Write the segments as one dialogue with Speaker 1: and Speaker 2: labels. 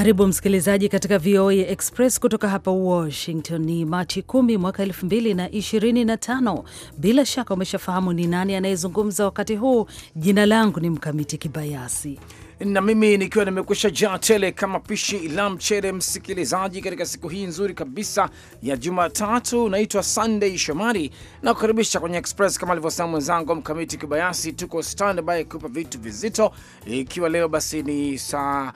Speaker 1: Karibu msikilizaji katika VOA Express kutoka hapa Washington. Ni Machi 10 mwaka 2025. Bila shaka umeshafahamu ni nani anayezungumza wakati huu. Jina langu ni
Speaker 2: Mkamiti Kibayasi na mimi nikiwa nimekwisha jaa tele kama pishi la mchele msikilizaji, katika siku hii nzuri kabisa ya Jumatatu. Naitwa Sunday Shomari na kukaribisha kwenye Express kama alivyosema mwenzangu Mkamiti Kibayasi. Tuko standby kupa vitu vizito, ikiwa leo basi ni saa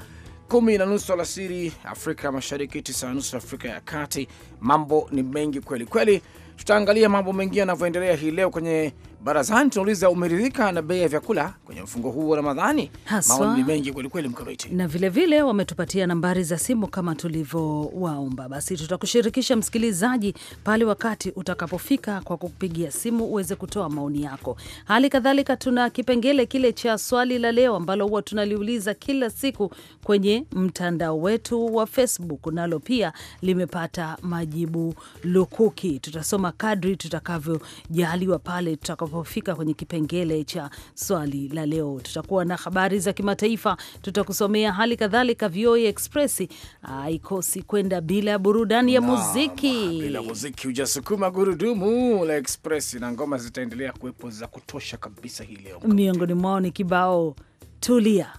Speaker 2: kumi na nusu alasiri Afrika Mashariki, tisa na nusu Afrika ya Kati. Mambo ni mengi kweli kweli. Tutaangalia mambo mengine yanavyoendelea hii leo kwenye barazani. Tunauliza, umeridhika na bei ya vyakula kwenye mfungo huu wa Ramadhani? Maoni mengi kwelikweli, Mkamiti,
Speaker 1: na vilevile wametupatia nambari za simu kama tulivyowaomba. Basi tutakushirikisha msikilizaji pale wakati utakapofika kwa kupigia simu uweze kutoa maoni yako. Hali kadhalika, tuna kipengele kile cha swali la leo ambalo huwa tunaliuliza kila siku kwenye mtandao wetu wa Facebook, nalo pia limepata majibu lukuki. Tutasoma kusoma kadri tutakavyojaliwa pale tutakapofika kwenye kipengele cha swali la leo. Tutakuwa na habari za kimataifa tutakusomea, hali kadhalika VOA Express ah, haikosi kwenda bila ya burudani ya muziki. Bila
Speaker 2: muziki hujasukuma gurudumu la Express, na ngoma zitaendelea kuwepo za kutosha kabisa hii leo.
Speaker 1: Miongoni mwao ni kibao tulia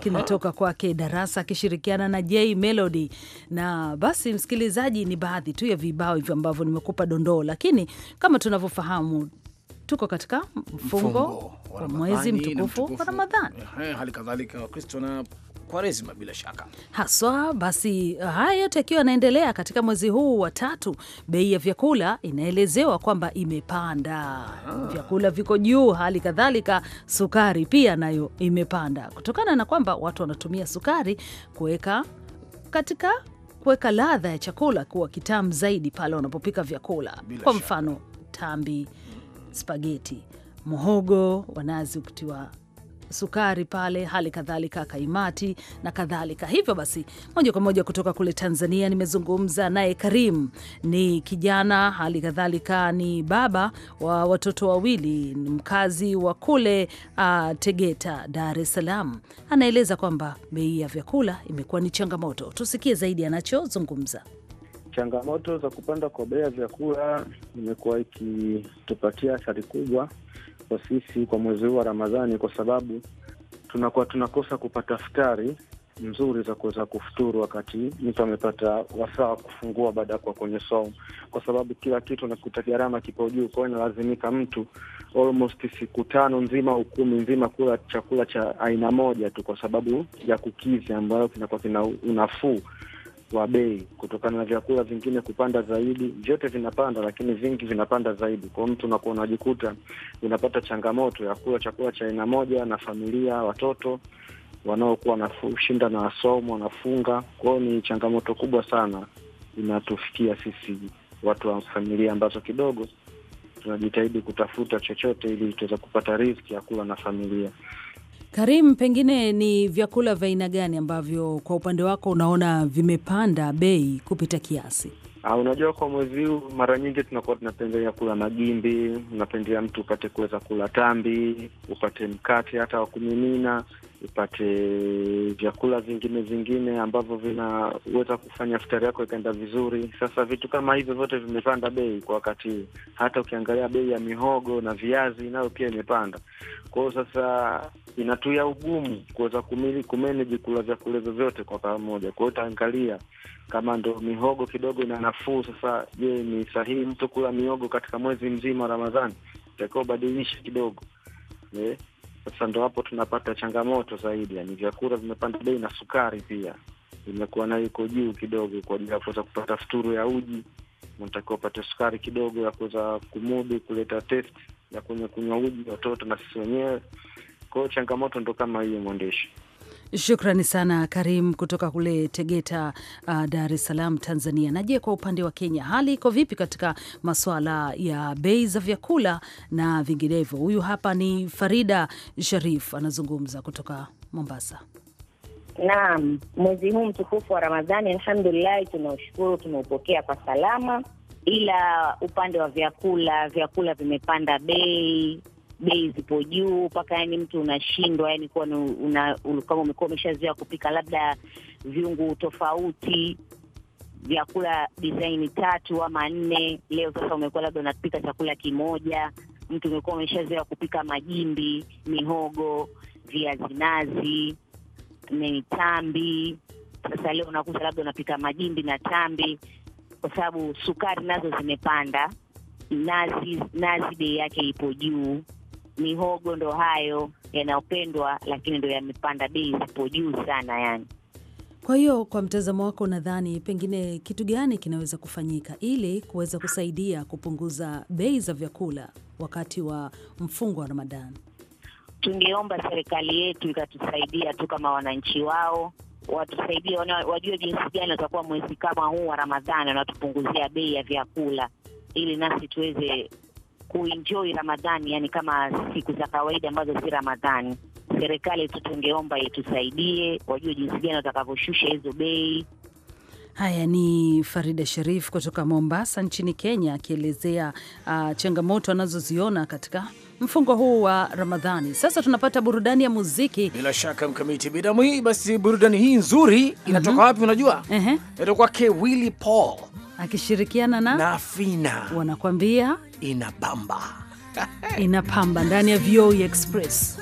Speaker 1: kinatoka kwake Darasa akishirikiana na J Melody. Na basi, msikilizaji, ni baadhi tu ya vibao hivyo ambavyo nimekupa dondoo, lakini kama tunavyofahamu tuko katika mfungo
Speaker 2: wa mwezi mtukufu wa Ramadhani. Hali kadhalika Wakristo na Kwaresima bila shaka
Speaker 1: haswa. Basi uh, haya yote yakiwa yanaendelea katika mwezi huu wa tatu, bei ya vyakula inaelezewa kwamba imepanda. Aha. Vyakula viko juu, hali kadhalika sukari pia nayo imepanda kutokana na kwamba watu wanatumia sukari kuweka katika kuweka ladha ya chakula kuwa kitamu zaidi pale wanapopika vyakula bila kwa mfano tambi, spageti, mhogo wa nazi ukitiwa sukari pale, hali kadhalika kaimati na kadhalika. Hivyo basi, moja kwa moja kutoka kule Tanzania nimezungumza naye Karim. Ni kijana, hali kadhalika ni baba wa watoto wawili, mkazi wa kule uh, Tegeta, Dar es Salaam. Anaeleza kwamba bei ya vyakula imekuwa ni changamoto. Tusikie zaidi anachozungumza.
Speaker 3: Changamoto za kupanda kwa bei ya vyakula imekuwa ikitupatia athari kubwa, kwa sisi kwa mwezi huu wa Ramadhani, kwa sababu tunakuwa tunakosa kupata futari nzuri za kuweza kufuturu wakati mtu amepata wasaa wa kufungua baada ya kuwa kwenye somo, kwa sababu kila kitu nakuta gharama kipo juu. Kwa hiyo inalazimika mtu almost siku tano nzima au kumi nzima kula chakula cha aina moja tu, kwa sababu ya kukizi ambayo kinakuwa kina unafuu wa bei kutokana na vyakula vingine kupanda zaidi. Vyote vinapanda, lakini vingi vinapanda zaidi. Kwa mtu unakuwa unajikuta unapata changamoto ya kula chakula cha aina moja na familia, watoto wanaokuwa wanashinda na wasomo wanafunga. kwao ni changamoto kubwa sana inatufikia sisi watu wa familia ambazo kidogo tunajitahidi kutafuta chochote ili tuweze kupata riziki ya kula na familia.
Speaker 1: Karim, pengine ni vyakula vya aina gani ambavyo kwa upande wako unaona vimepanda bei kupita kiasi?
Speaker 3: Ha, ah, unajua kwa mwezi huu mara nyingi tunakuwa tunapendelea kula magimbi, unapendelea mtu upate kuweza kula tambi, upate mkate hata wa kumimina, ipate vyakula vingine vingine ambavyo vinaweza kufanya futari yako ikaenda vizuri. Sasa vitu kama hivyo vyote vimepanda bei kwa wakati huu. Hata ukiangalia bei ya mihogo na viazi nayo pia imepanda. Kwa hiyo sasa inatuia ugumu kuweza kumili kumeneji kula vyakula vyovyote kwa pamoja. Kwa hiyo utaangalia kama ndo mihogo kidogo ina nafuu. Sasa je, ni sahihi mtu kula mihogo katika mwezi mzima Ramadhani? Itakiwa ubadilishe kidogo, yeah. Sasa ndo hapo tunapata changamoto zaidi, yani vyakula vimepanda bei na sukari pia imekuwa nayo iko juu kidogo, kwa ajili ya kuweza kupata futuru ya uji unatakiwa upate sukari kidogo ya kuweza kumudu kuleta test ya kwenye kunywa uji watoto na sisi wenyewe. Kwa hiyo changamoto ndo kama hiyo, mwandishi.
Speaker 1: Shukrani sana Karim kutoka kule Tegeta, uh, Dar es Salaam, Tanzania. Na je, kwa upande wa Kenya hali iko vipi katika masuala ya bei za vyakula na vinginevyo? Huyu hapa ni Farida Sharif anazungumza kutoka Mombasa.
Speaker 4: Naam, mwezi huu mtukufu wa Ramadhani, alhamdulillahi, tunaushukuru, tumeupokea kwa salama, ila upande wa vyakula, vyakula vimepanda bei bei zipo juu mpaka yani mtu unashindwa yani kuwa una, kama umekuwa umeshazoea kupika labda viungu tofauti vyakula disaini tatu ama nne, leo sasa umekuwa labda unapika chakula kimoja. Mtu umekuwa umeshazoea kupika majimbi, mihogo, viazi nazi, nini tambi. Sasa leo unakuta labda unapika majimbi na tambi, kwa sababu sukari nazo zimepanda, nazi nazi bei yake ipo juu mihogo ndo hayo yanayopendwa, lakini ndo yamepanda bei zipo juu sana yani.
Speaker 1: Kwa hiyo kwa mtazamo wako, unadhani pengine kitu gani kinaweza kufanyika ili kuweza kusaidia kupunguza bei za vyakula wakati wa mfungo wa Ramadhani?
Speaker 4: Tungeomba serikali yetu ikatusaidia tu kama wananchi wao, watusaidie, wajue jinsi gani watakuwa mwezi kama huu wa Ramadhani wanatupunguzia bei ya vyakula, ili nasi tuweze kuenjoy Ramadhani, yani kama siku za kawaida ambazo si Ramadhani. Serikali tu tungeomba itusaidie, wajue jinsi gani watakavyoshusha hizo bei.
Speaker 1: Haya ni Farida Sharif kutoka Mombasa nchini Kenya akielezea uh, changamoto anazoziona katika mfungo huu wa Ramadhani. Sasa tunapata
Speaker 2: burudani ya muziki. Bila shaka mkamiti bidamu hii, basi burudani hii nzuri inatoka mm -hmm. wapi? Unajua, uh -huh. inatoka kwake Willy Paul akishirikiana na Nafina wanakwambia
Speaker 1: inapamba inapamba ndani ya VOA e Express.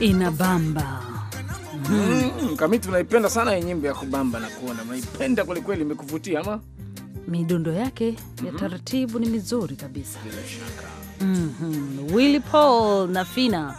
Speaker 1: inabamba
Speaker 2: mm. Mm-hmm. Kamiti, unaipenda sana hii nyimbo ya kubamba na kuona unaipenda kwelikweli, imekuvutia ama?
Speaker 1: Midundo yake mm -hmm. ya mm-hmm. taratibu ni mizuri kabisa mm -hmm. willi Paul na Fina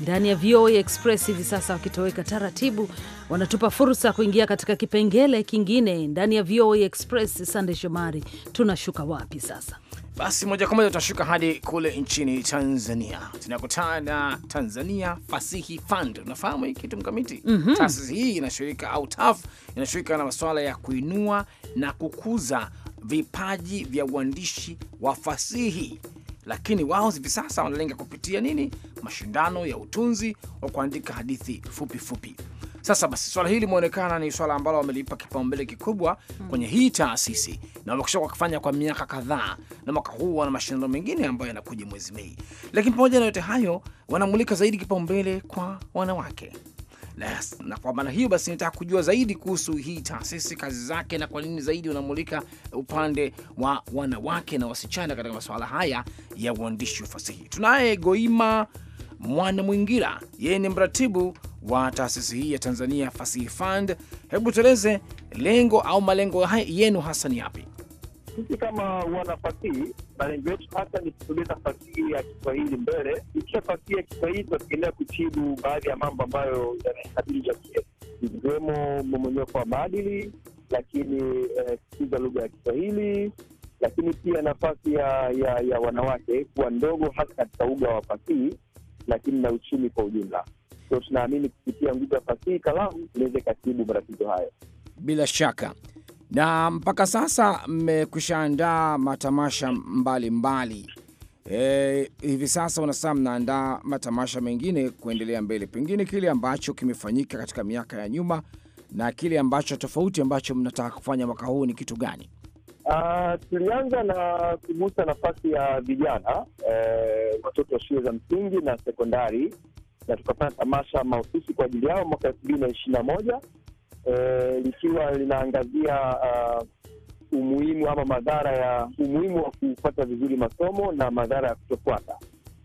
Speaker 1: ndani ya VOA Express hivi sasa wakitoweka taratibu, wanatupa fursa ya kuingia katika kipengele kingine ndani ya VOA Express. Sande Shomari, tunashuka wapi sasa?
Speaker 2: Basi moja kwa moja tunashuka hadi kule nchini Tanzania, tunakutana na Tanzania Fasihi Fund. Unafahamu hii kitu mkamiti? mm -hmm. Taasisi hii inashirika au TAF inashirika na masuala ya kuinua na kukuza vipaji vya uandishi wa fasihi, lakini wao hivi sasa wanalenga kupitia nini? Mashindano ya utunzi wa kuandika hadithi fupi fupi sasa basi, swala hili limeonekana ni swala ambalo wamelipa kipaumbele kikubwa hmm. kwenye hii taasisi na wamekusha kufanya kwa miaka kadhaa, na mwaka huu wana mashindano mengine ambayo yanakuja mwezi Mei. Lakini pamoja na yote hayo, wanamulika zaidi kipaumbele kwa wanawake na, na kwa maana hiyo basi nitaka kujua zaidi kuhusu hii taasisi, kazi zake, na kwa nini zaidi unamulika upande wa wanawake na wasichana katika masuala haya ya uandishi wa fasihi. Tunaye Goima Mwana Mwingira, yeye ni mratibu wa taasisi hii ya Tanzania Fasihi Fund. Hebu tueleze lengo au malengo yenu hasa ni yapi?
Speaker 5: Sisi kama wanafasihi, malengo yetu hasa ni kusogeza fasihi ya Kiswahili mbele. Kupitia fasihi ya Kiswahili tunategelea kutibu baadhi ya mambo ambayo yanaikabili jamii ikiwemo mmomonyoko wa maadili, lakini eh, kukuza lugha ya Kiswahili, lakini pia nafasi ya, ya, ya wanawake kuwa ndogo, hasa katika uga wa fasihi lakini na uchumi kwa ujumla. So tunaamini kupitia nguvu ya fasihi, kalamu inaweza ikatibu matatizo hayo
Speaker 2: bila shaka. Na mpaka sasa andaa matamasha mbalimbali mbali. E, hivi sasa unasema mnaandaa matamasha mengine kuendelea mbele, pengine kile ambacho kimefanyika katika miaka ya nyuma na kile ambacho tofauti ambacho mnataka kufanya mwaka huu ni kitu gani?
Speaker 5: Uh, tulianza na kugusa nafasi ya vijana eh, watoto wa shule za msingi na sekondari, na tukafanya tamasha mahususi kwa ajili yao mwaka elfu mbili na ishirini na moja eh, likiwa linaangazia uh, umuhimu ama madhara ya umuhimu wa kufuata vizuri masomo na madhara ya kutofuata.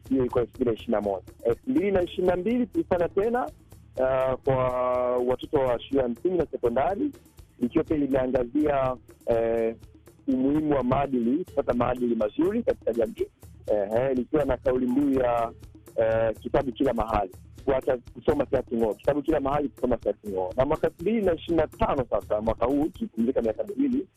Speaker 5: Hiyo ilikuwa elfu mbili na ishirini na moja. Elfu mbili na ishirini na mbili tulifanya tena uh, kwa watoto wa shule ya msingi na sekondari, likiwa pia limeangazia eh, umuhimu wa maadili, kupata maadili mazuri katika jamii, nikiwa na kauli mbiu ya eh, kitabu kila mahali kuacha kusoma cha kitabu kila mahali kusoma cha Na mwaka elfu mbili na ishirini na tano sasa, mwaka huu tukipumzika miaka miwili,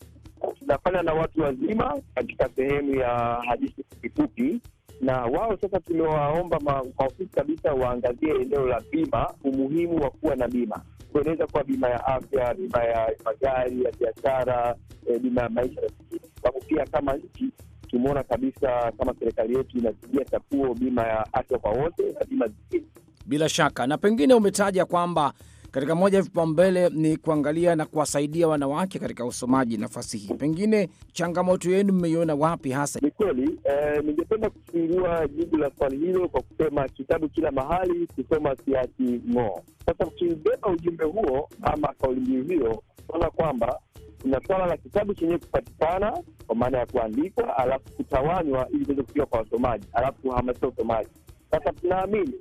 Speaker 5: tunafanya na watu wazima katika sehemu ya hadithi fupifupi, na wao sasa tumewaomba maofisi kabisa waangazie eneo la bima, umuhimu wa kuwa na bima kwa kuwa bima ya afya, bima ya magari, ya biashara, e, bima ya maisha na vingine, sababu pia kama nchi tumeona kabisa kama serikali yetu
Speaker 2: inazigia chapuo bima ya afya kwa wote na bima zingine. Bila shaka, na pengine umetaja kwamba katika moja ya vipaumbele ni kuangalia na kuwasaidia wanawake katika usomaji nafasi hii. Pengine changamoto yenu mmeiona wapi hasa? Ni kweli eh,
Speaker 5: ningependa kufungua jibu la swali hilo
Speaker 2: kwa kusema kitabu kila mahali kusoma siati ng'oo.
Speaker 5: Sasa ukibeba ujumbe huo ama kauli mbiu hiyo, ona kwamba kuna swala la kitabu chenyewe kupatikana kwa maana ya kuandikwa, alafu kutawanywa ili iweze kufika kwa wasomaji, alafu kuhamasisha usomaji. Sasa tunaamini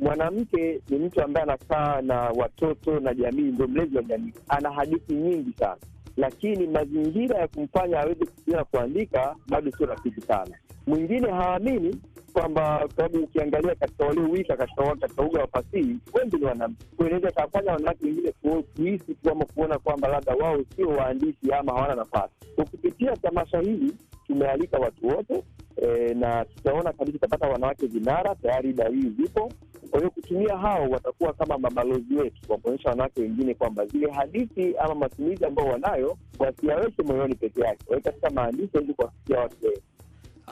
Speaker 5: mwanamke ni mtu ambaye anakaa na watoto na jamii, ndio mlezi wa jamii, ana hadithi nyingi sana, lakini mazingira ya kumfanya aweze kufikiria kuandika bado sio rafiki sana. Mwingine haamini kwamba kwa sababu ukiangalia katika waliowika katika uga wa fasihi wengi ni wanamke, inaweza kawafanya wanawake wengine kuhisi ama kuona kwamba labda wao sio waandishi ama hawana nafasi. ukipitia tamasha hili tumealika watu wote e, na tutaona kabisa tutapata wanawake vinara, tayari dalili zipo. Kwa hiyo kutumia hao watakuwa kama mabalozi wetu kwa kuonyesha wanawake wengine kwamba zile hadithi ama matumizi ambayo wanayo wasiaweke moyoni peke yake, wawe katika maandishi ili kuwafikia watu wengi.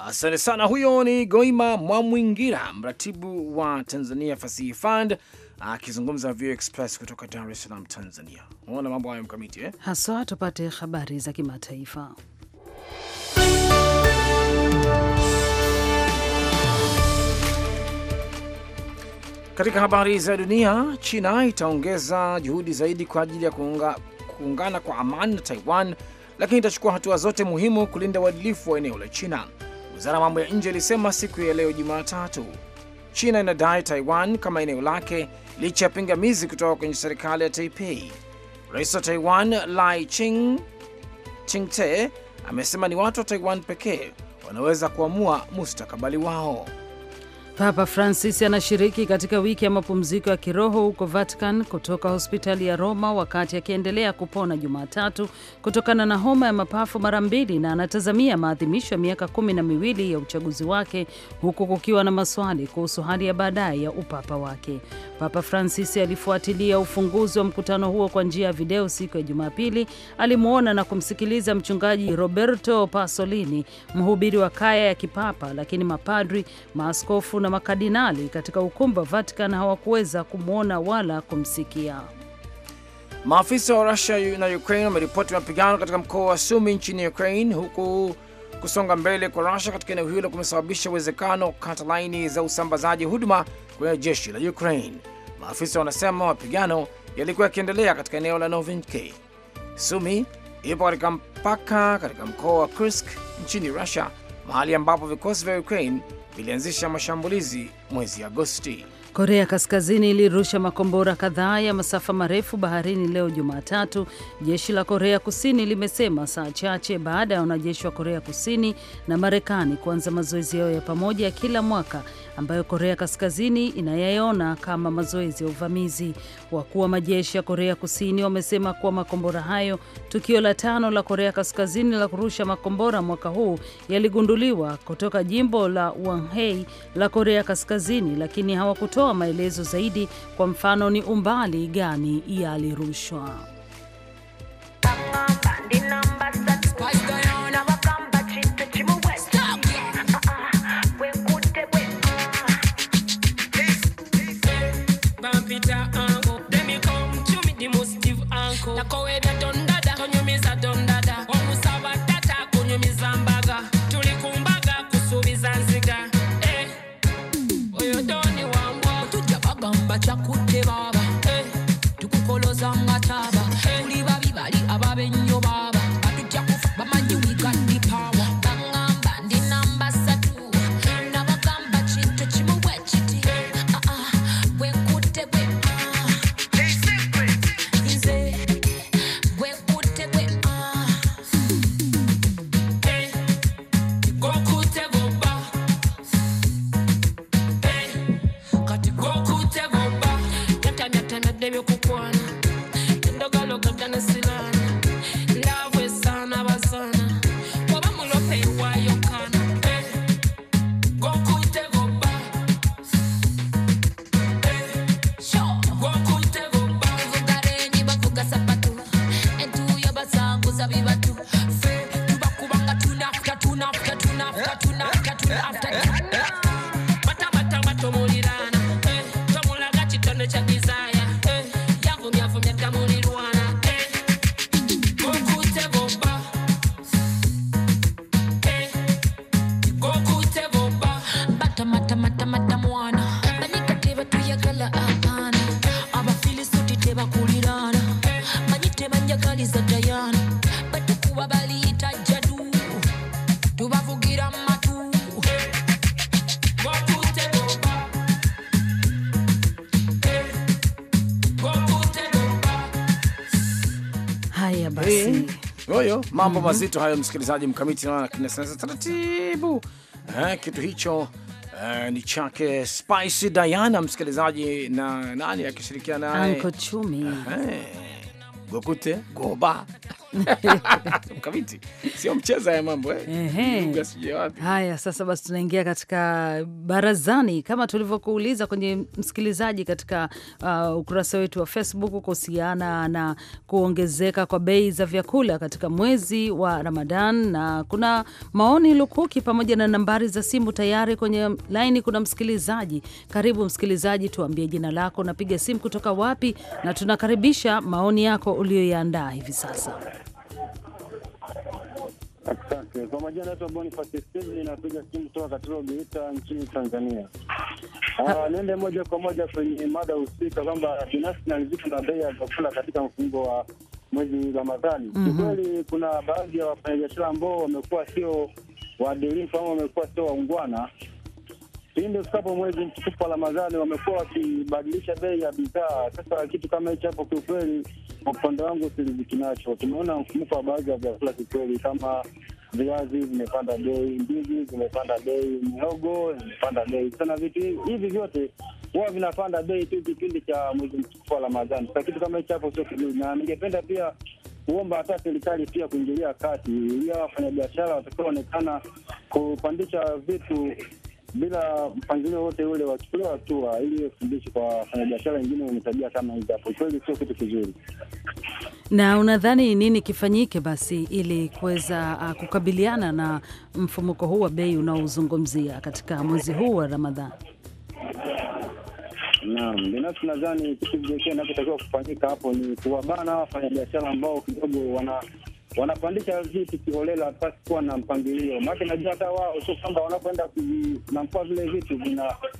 Speaker 2: Asante sana. Huyo ni Goima Mwamwingira, mratibu wa Tanzania Fasihi Fund akizungumza Vio Express kutoka Dar es Salaam, Tanzania. Unaona mambo hayo mkamiti eh?
Speaker 1: Haswa tupate habari za kimataifa.
Speaker 2: Katika habari za dunia, China itaongeza juhudi zaidi kwa ajili ya kuungana kwa amani na Taiwan, lakini itachukua hatua zote muhimu kulinda uadilifu wa eneo la China, wizara ya mambo ya nje ilisema siku ya leo Jumatatu. China inadai Taiwan kama eneo lake licha ya pingamizi kutoka kwenye serikali ya Taipei. Rais wa Taiwan Lai ching Tingte amesema ni watu wa Taiwan pekee wanaweza kuamua mustakabali wao.
Speaker 1: Papa Francis anashiriki katika wiki ya mapumziko ya kiroho huko Vatican kutoka hospitali ya Roma wakati akiendelea kupona Jumatatu kutokana na homa ya mapafu mara mbili, na anatazamia maadhimisho ya miaka kumi na miwili ya uchaguzi wake huku kukiwa na maswali kuhusu hali ya baadaye ya upapa wake. Papa Francis alifuatilia ufunguzi wa mkutano huo kwa njia ya video siku ya Jumapili. Alimwona na kumsikiliza mchungaji Roberto Pasolini, mhubiri wa kaya ya kipapa, lakini mapadri, maaskofu na makadinali katika ukumbi wa Vatican hawakuweza kumwona wala
Speaker 2: kumsikia. Maafisa wa Rusia na Ukraine wameripoti mapigano katika mkoa wa Sumi nchini Ukraine, huku kusonga mbele kwa Rusia katika eneo hilo kumesababisha uwezekano kata laini za usambazaji huduma kwenye jeshi la Ukraine. Maafisa wanasema mapigano yalikuwa yakiendelea katika eneo la Novinki. Sumi ipo katika mpaka katika mkoa wa Kursk nchini Rusia, mahali ambapo vikosi vya Ukraine vilianzisha mashambulizi mwezi Agosti.
Speaker 1: Korea Kaskazini ilirusha makombora kadhaa ya masafa marefu baharini leo Jumatatu, jeshi la Korea Kusini limesema saa chache baada ya wanajeshi wa Korea Kusini na Marekani kuanza mazoezi yao ya pamoja ya kila mwaka ambayo Korea Kaskazini inayaona kama mazoezi ya uvamizi. Wakuu wa majeshi ya Korea Kusini wamesema kuwa makombora hayo, tukio la tano la Korea Kaskazini la kurusha makombora mwaka huu, yaligunduliwa kutoka jimbo la Wanhei la Korea Kaskazini, lakini hawakutoa maelezo zaidi, kwa mfano ni umbali gani yalirushwa.
Speaker 2: mambo mm -hmm. mazito hayo, msikilizaji mkamiti naona kinasasa taratibu eh, kitu hicho Uh, ni chake spicy Diana msikilizaji, na nani akishirikiana naye Anko Chumi, Gokute Goba Mkamiti sio mchezo ya mambo eh,
Speaker 1: haya. Sasa basi, tunaingia katika barazani kama tulivyokuuliza kwenye msikilizaji katika uh, ukurasa wetu wa Facebook kuhusiana na kuongezeka kwa bei za vyakula katika mwezi wa Ramadan, na kuna maoni lukuki pamoja na nambari za simu tayari kwenye laini. Kuna msikilizaji. Karibu msikilizaji, tuambie jina lako, unapiga simu kutoka wapi, na tunakaribisha maoni yako uliyoyaandaa hivi sasa.
Speaker 6: Asante. Kwa majina naitwa Bonifasi Steven, napiga simu kutoka Katoro Geita nchini Tanzania. Ah, niende moja kwa moja kwenye mada husika kwamba binafsi naridhika na bei ya vyakula katika mfungo wa mwezi Ramadhani. Mhm. kikweli kuna baadhi ya wafanyabiashara ambao wamekuwa sio waadilifu ama wamekuwa sio waungwana pindi usikapo mwezi mtukufu wa Ramadhani wamekuwa wakibadilisha bei ya bidhaa. Sasa kitu kama hichi hapo, kiukweli, kwa upande wangu siliziki nacho. Tumeona mfumuko wa baadhi ya vyakula kiukweli, kama viazi vimepanda bei, ndizi zimepanda bei, mihogo zimepanda bei sana. Vitu hivi vyote huwa vinapanda bei tu kipindi cha mwezi mtukufu wa Ramadhani. Sasa kitu kama hichi hapo sio kizuri, na ningependa pia kuomba hata serikali pia kuingilia kati, ili wafanyabiashara watakaoonekana kupandisha vitu bila mpangilio wote ule, wachukuliwa hatua ili fundishi kwa wafanyabiashara wengine wenye tabia kama hizi hapo. Kweli sio kitu kizuri.
Speaker 1: Na unadhani nini kifanyike basi ili kuweza uh, kukabiliana na mfumuko huu wa bei unaozungumzia katika mwezi huu wa Ramadhani?
Speaker 6: Naam, binafsi nadhani kitu kinachotakiwa kufanyika hapo ni kuwabana wafanyabiashara ambao kidogo wana wanapandisha viti kiholela pasikuwa na mpangilio. Maake najua hata wao sio kwamba wanapoenda kunamkua vile vitu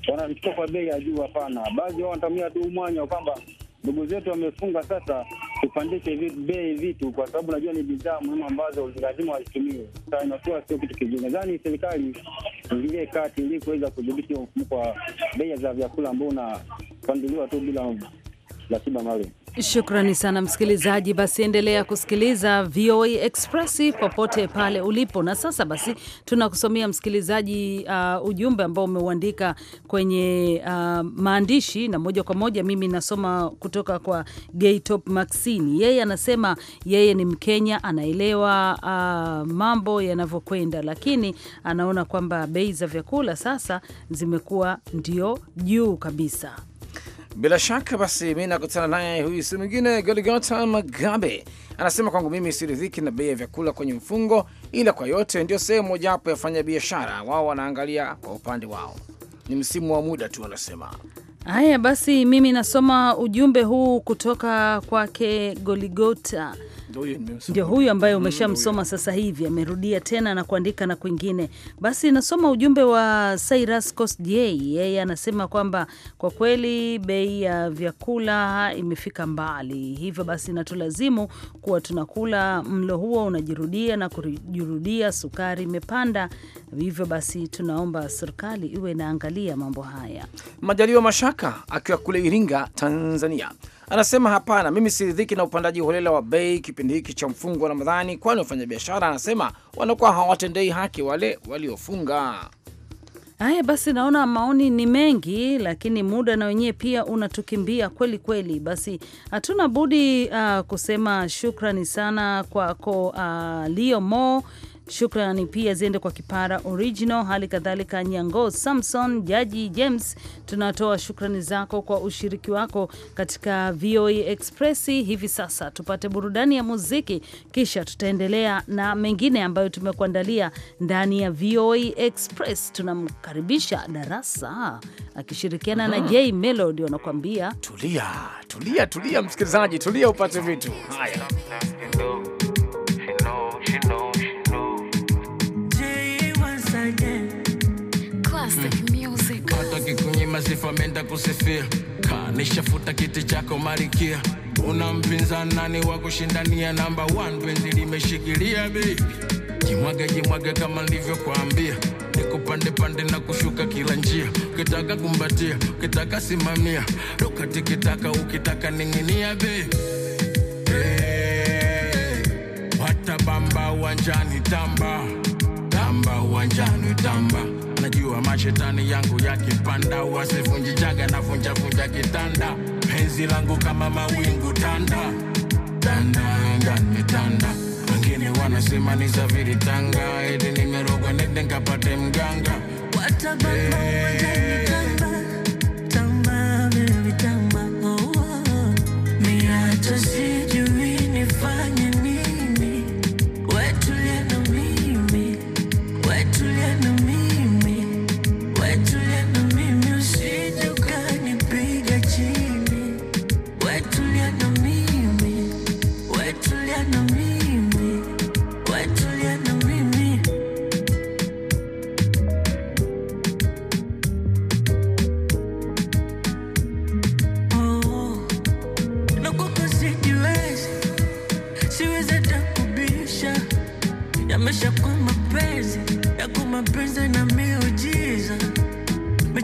Speaker 6: wanavichukua kwa bei ya juu, hapana. Baadhi wao wanatamia tu mwanya kwamba ndugu zetu wamefunga, sasa tupandishe bei vitu, kwa sababu najua ni bidhaa muhimu ambazo lazima wazitumie. Sasa inakuwa sio kitu kingine, Nadhani serikali ingilie kati ili kuweza kudhibiti mfumuko wa bei za vyakula ambao unapanduliwa tu bila ratiba
Speaker 3: maalum.
Speaker 1: Shukrani sana msikilizaji, basi endelea kusikiliza VOA Express popote pale ulipo. Na sasa basi tunakusomea msikilizaji, uh, ujumbe ambao umeuandika kwenye uh, maandishi, na moja kwa moja mimi nasoma kutoka kwa Gaytop Maxini. Yeye anasema yeye ni Mkenya, anaelewa uh, mambo yanavyokwenda, lakini anaona kwamba bei za vyakula sasa
Speaker 2: zimekuwa ndio juu kabisa. Bila shaka basi, mi nakutana naye huyu, si mwingine Goligota Magabe. Anasema kwangu mimi siridhiki na bei ya vyakula kwenye mfungo, ila kwa yote ndio sehemu mojawapo ya fanya biashara. Wao wanaangalia kwa upande wao, ni msimu wa muda tu, anasema
Speaker 1: Haya basi, mimi nasoma ujumbe huu kutoka kwake Goligota ndio huyu ambaye mm, umeshamsoma sasa hivi, amerudia tena na kuandika na kwingine. Basi nasoma ujumbe wa Cyrus j yeye anasema kwamba kwa kweli bei ya vyakula imefika mbali, hivyo basi natulazimu kuwa tunakula mlo huo unajirudia na kujirudia. Sukari imepanda, hivyo basi tunaomba serikali iwe
Speaker 2: inaangalia mambo haya. Majaliwa Mashaka akiwa kule Iringa, Tanzania Anasema hapana, mimi siridhiki na upandaji holela wa bei kipindi hiki cha mfungo wa Ramadhani, kwani wafanyabiashara, anasema wanakuwa hawatendei haki wale waliofunga. Haya basi,
Speaker 1: naona maoni ni mengi, lakini muda na wenyewe pia unatukimbia kweli kweli. Basi hatuna budi uh, kusema shukrani sana kwako uh, Leo Mo Shukrani pia ziende kwa Kipara Original, hali kadhalika Nyango Samson, Jaji James. Tunatoa shukrani zako kwa ushiriki wako katika VOA e Express. Hivi sasa tupate burudani ya muziki, kisha tutaendelea na mengine ambayo tumekuandalia ndani ya VOA e Express. Tunamkaribisha Darasa akishirikiana na mhm. J Melody wanakuambia
Speaker 2: tulia, tulia, tulia msikilizaji, tulia upate vitu haya. mazifa menda kusifia, kanishafuta kiti chako Marikia. Una mpinzani nani wa kushindania namba 1? Penzi limeshikilia baby, jimwaga jimwaga kama nilivyokuambia nikupande pande na kushuka kila njia, ukitaka kumbatia, ukitaka simamia, ruka ukitaka ning'inia be hey, bamba uwanjani, tamba tamba uwanjani, tamba najua mashetani yangu yakipanda wasivunjijaga na vunjavunja kitanda penzi langu kama mawingu tanda tanda angani tanda wengine wanasema ni safiri tanga ili nimerogwa nende nkapate mganga
Speaker 7: Just eh. oh, oh, oh. see.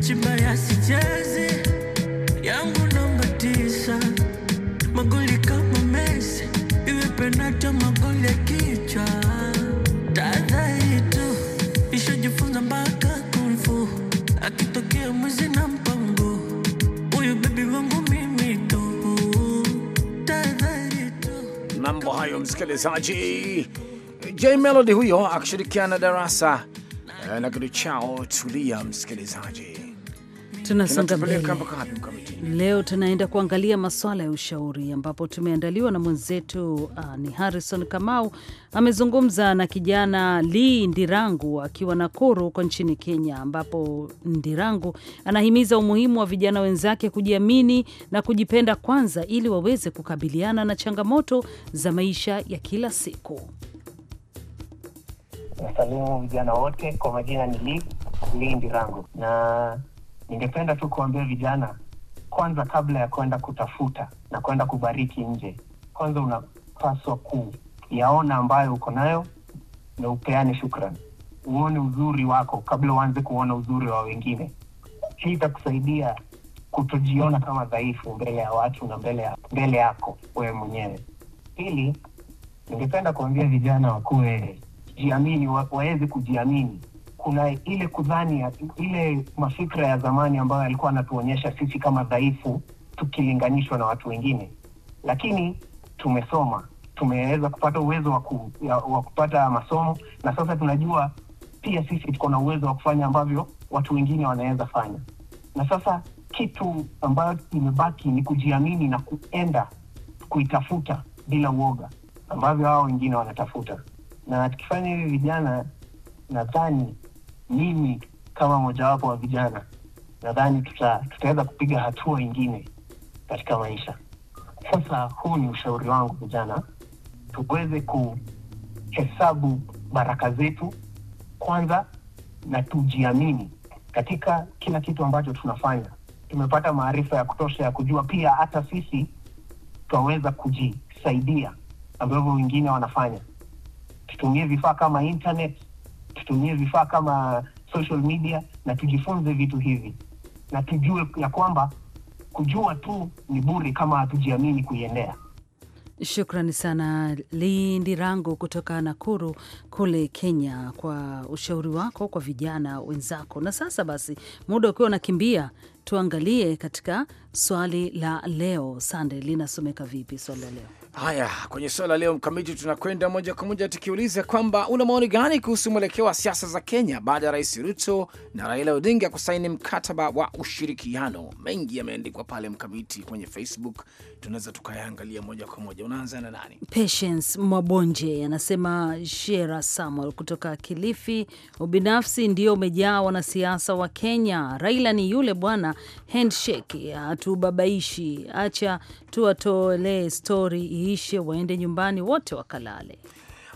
Speaker 7: Kibaya sichezi yangu namba tisa, magoli kama Messi, iwe penati magoli ya kichwa, tu ishajifunza mpaka kunfu, akitokea mwizi na mpango, huyu wangu mimi tu,
Speaker 2: tu. Mambo hayo msikilizaji, J Melody huyo akishirikiana Darasa eh, na kitu chao tulia, msikilizaji
Speaker 1: Tunasonga mbele leo, tunaenda kuangalia masuala ya ushauri ambapo tumeandaliwa na mwenzetu uh, ni Harrison Kamau amezungumza na kijana Lee Ndirangu akiwa Nakuru huko nchini Kenya, ambapo Ndirangu anahimiza umuhimu wa vijana wenzake kujiamini na kujipenda kwanza ili waweze kukabiliana na changamoto za maisha ya kila siku.
Speaker 8: Nasalimu vijana wote kwa majina ni Lee Ndirangu na Ningependa tu kuambia vijana, kwanza, kabla ya kwenda kutafuta na kwenda kubariki nje, kwanza unapaswa kuyaona ambayo uko nayo na upeane shukran uone uzuri wako kabla uanze kuona uzuri wa wengine. Hii itakusaidia kutojiona kama dhaifu mbele ya watu na mbele ya mbele yako wewe mwenyewe. Pili, ningependa kuambia vijana wakuwe jiamini, waweze kujiamini kuna ile kudhani ile mafikra ya zamani ambayo alikuwa anatuonyesha sisi kama dhaifu tukilinganishwa na watu wengine, lakini tumesoma, tumeweza kupata uwezo wa wa kupata masomo na sasa tunajua pia sisi tuko na uwezo wa kufanya ambavyo watu wengine wanaweza fanya, na sasa kitu ambayo imebaki ni kujiamini na kuenda kuitafuta bila uoga ambavyo hao wengine wanatafuta, na tukifanya hivi vijana nadhani mimi kama mojawapo wa vijana nadhani tuta, tutaweza kupiga hatua ingine katika maisha. Sasa huu ni ushauri wangu vijana, tuweze kuhesabu baraka zetu kwanza na tujiamini katika kila kitu ambacho tunafanya. Tumepata maarifa ya kutosha ya kujua pia hata sisi twaweza kujisaidia ambavyo wengine wanafanya. Tutumie vifaa kama internet tutumie vifaa kama social media na tujifunze vitu hivi na tujue ya kwamba kujua tu ni bure kama hatujiamini kuiendea.
Speaker 1: Shukrani sana rangu kutoka Nakuru kule Kenya kwa ushauri wako kwa vijana wenzako. Na sasa basi, muda ukiwa unakimbia, tuangalie katika swali la leo Sande linasomeka vipi? Swali la leo
Speaker 2: haya, kwenye swali la leo Mkamiti, tunakwenda moja kwa moja tukiuliza kwamba una maoni gani kuhusu mwelekeo wa siasa za Kenya baada ya Rais Ruto na Raila Odinga kusaini mkataba wa ushirikiano. Mengi yameandikwa pale Mkamiti kwenye Facebook, tunaweza tukayaangalia moja kwa moja. Unaanza na nani?
Speaker 1: Patience Mwabonje anasema Shera Samuel kutoka Kilifi, ubinafsi ndio umejaa wanasiasa wa Kenya. Raila ni yule bwana handshake tubabaishi acha tuwatolee stori iishe, waende nyumbani wote wakalale.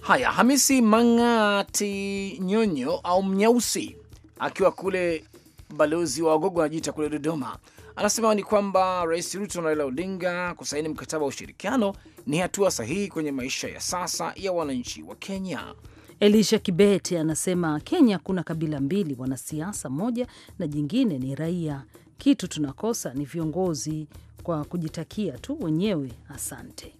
Speaker 1: Haya, Hamisi
Speaker 2: Mang'ati Nyonyo au Mnyeusi akiwa kule balozi wa Wagogo anajiita kule Dodoma, anasema ni kwamba Rais Ruto na Raila Odinga kusaini mkataba wa ushirikiano ni hatua sahihi kwenye maisha ya sasa ya wananchi wa Kenya.
Speaker 1: Elisha Kibete anasema Kenya kuna kabila mbili, wanasiasa moja na jingine ni raia. Kitu tunakosa ni viongozi kwa kujitakia tu wenyewe.
Speaker 2: Asante.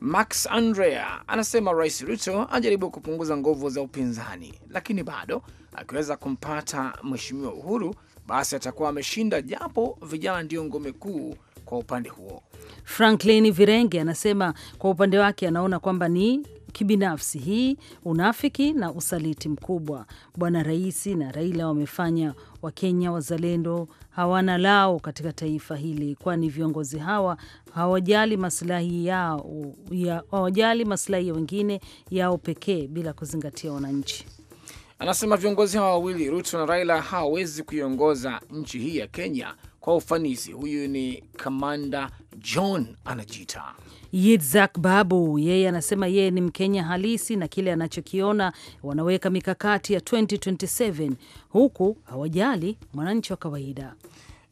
Speaker 2: Max Andrea anasema Rais Ruto ajaribu kupunguza nguvu za upinzani, lakini bado akiweza kumpata Mheshimiwa Uhuru basi atakuwa ameshinda, japo vijana ndiyo ngome kuu kwa upande huo.
Speaker 1: Franklin Virenge anasema kwa upande wake anaona kwamba ni kibinafsi. Hii unafiki na usaliti mkubwa. Bwana Rais na Raila wamefanya Wakenya wazalendo hawana lao katika taifa hili, kwani viongozi hawa hawajali maslahi yao, ya, hawajali maslahi ya wengine yao pekee bila kuzingatia wananchi.
Speaker 2: Anasema viongozi hawa wawili Ruto na Raila hawawezi kuiongoza nchi hii ya Kenya kwa ufanisi. Huyu ni kamanda John anajiita
Speaker 1: Yitzak Babu yeye anasema yeye ni Mkenya halisi na kile anachokiona wanaweka mikakati ya 2027 huku hawajali mwananchi wa
Speaker 2: kawaida.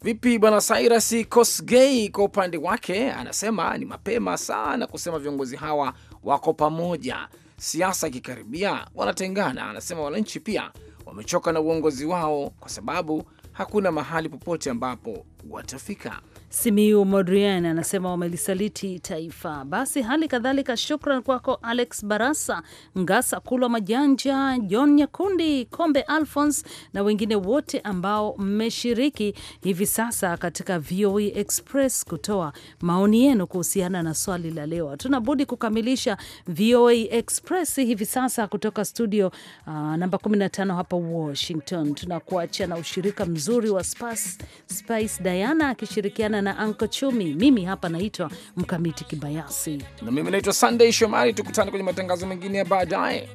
Speaker 2: Vipi bwana Cyrus Kosgei kwa upande wake anasema ni mapema sana kusema viongozi hawa wako pamoja, siasa ikikaribia wanatengana. Anasema wananchi pia wamechoka na uongozi wao, kwa sababu hakuna mahali popote ambapo watafika.
Speaker 1: Simiu Modrien anasema wamelisaliti taifa. Basi hali kadhalika, shukran kwako Alex Barasa, Ngasa Kulwa Majanja, John Nyakundi, Kombe Alphons na wengine wote ambao mmeshiriki hivi sasa katika VOA e Express kutoa maoni yenu kuhusiana na swali la leo. Hatuna budi kukamilisha VOA e Express hivi sasa kutoka studio uh, namba 15 hapa Washington. Tunakuacha na ushirika mzuri wa Spice, Spice Diana akishirikiana na Anko Chumi. Mimi hapa naitwa Mkamiti
Speaker 2: Kibayasi na mimi naitwa Sunday Shomari. Tukutane kwenye matangazo mengine ya baadaye.